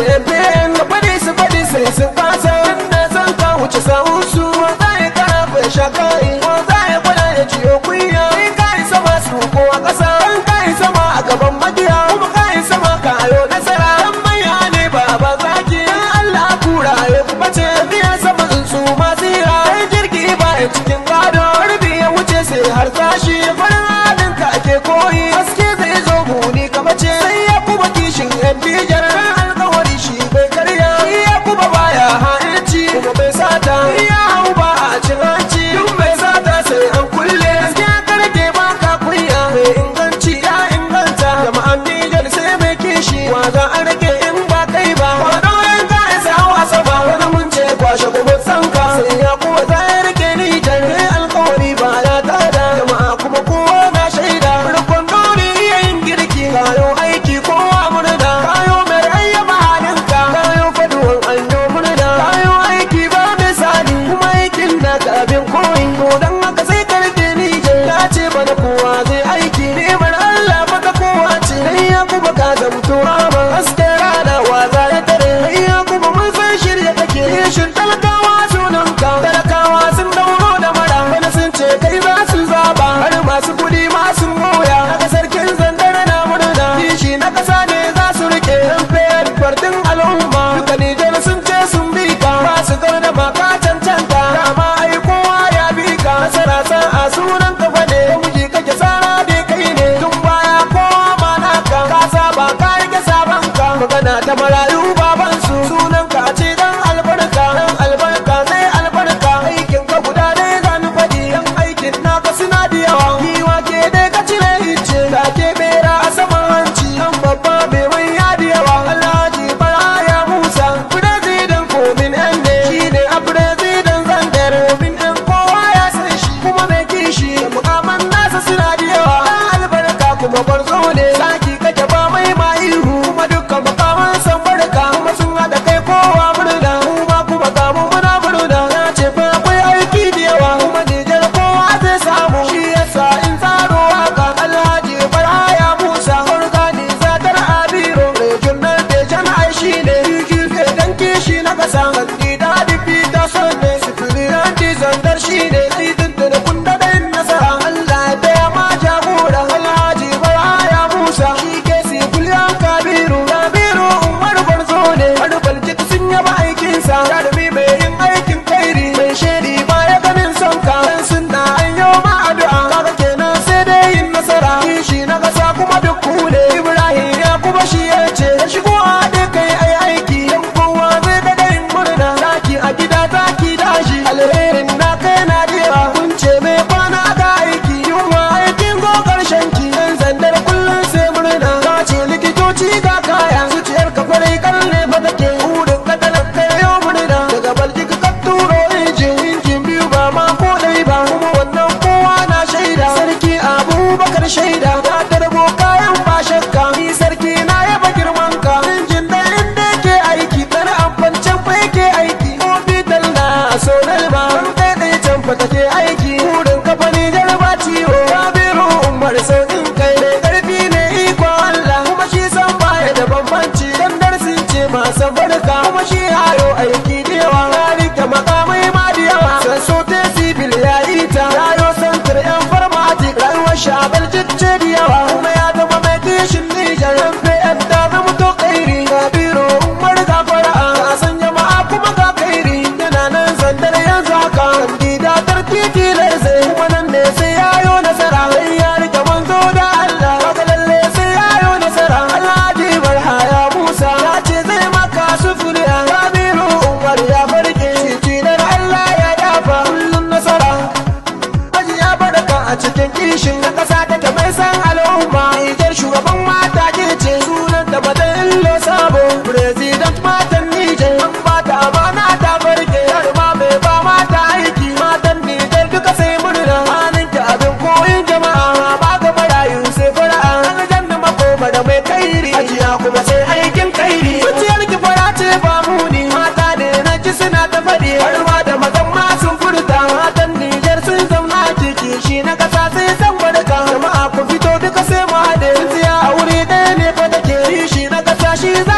bin faɗi su faɗi sai su fasa inda zan ka wuce sahun su za ya kara bai shakai ko za ya gwada ya ciyo kuya in ka yi sama su ko a ƙasa in ka yi sama a gaban magiya kuma ka yi sama ka ayo nasara dan manya ne ba ba zaki dan Allah kura ya kuma ce biya sama tsuntsu ma tsira dan jirgi ba ya cikin gado harbi ya wuce sai har tashi mata marayu shaida waziran matan Nijar an ba ta ta barke har ma mai ba mata aiki matan Nijar duka sai murna halin ki abin koyin jama'a ba ga marayu sai fara'a aljanna makoma da mai kairi ajiya kuma sai aikin kairi zuciyar ki fara ce ba muni mata da na ci suna ta faɗi har ma da mazan ma sun furta matan Nijar sun zauna ciki shi na kasa sai san barka jama'a ku fito duka sai mu haɗe zuciya a wuri ɗaya ne fa take shi na kasa shi za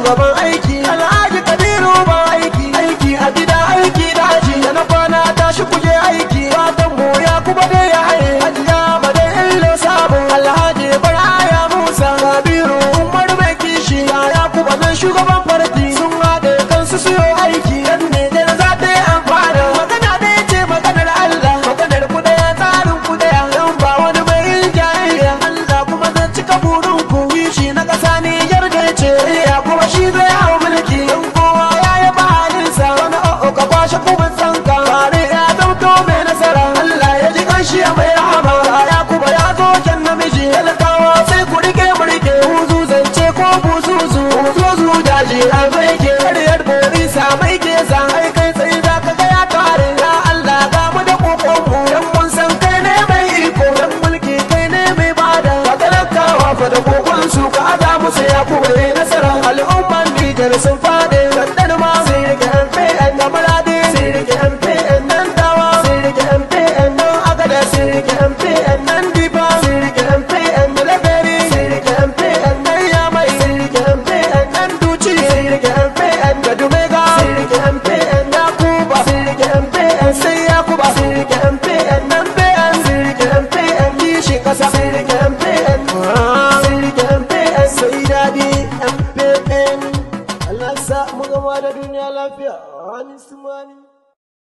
shugaban aiki alhaji kabiru ba aiki aiki a gida aiki da aji da na kwana tashi kuje aiki fatan mu ya kuma dai ya haye hajiya ba dai illo sabon alhaji baraya musa kabiru umar mai kishi ya kuma nan shugaban shi zai hau mulki in kowa ya yi sa. wani o'o ka kwashe kubin tsanka bare ya zamto mai nasara Allah ya ji kanshi ya mai rahama ya kuma ya zo kyan namiji talakawa sai ku rike mu rike zance ko buzuzu zu daji a mai ke ƙaryar bori sa mai ke sa ai kai tsaye za ka ga ya tare ya Allah ga mu da kokonmu dan mun san kai ne mai iko dan mulki kai ne mai bada ka talakawa fa da kokon su ka ada musu ya kuma quieres un par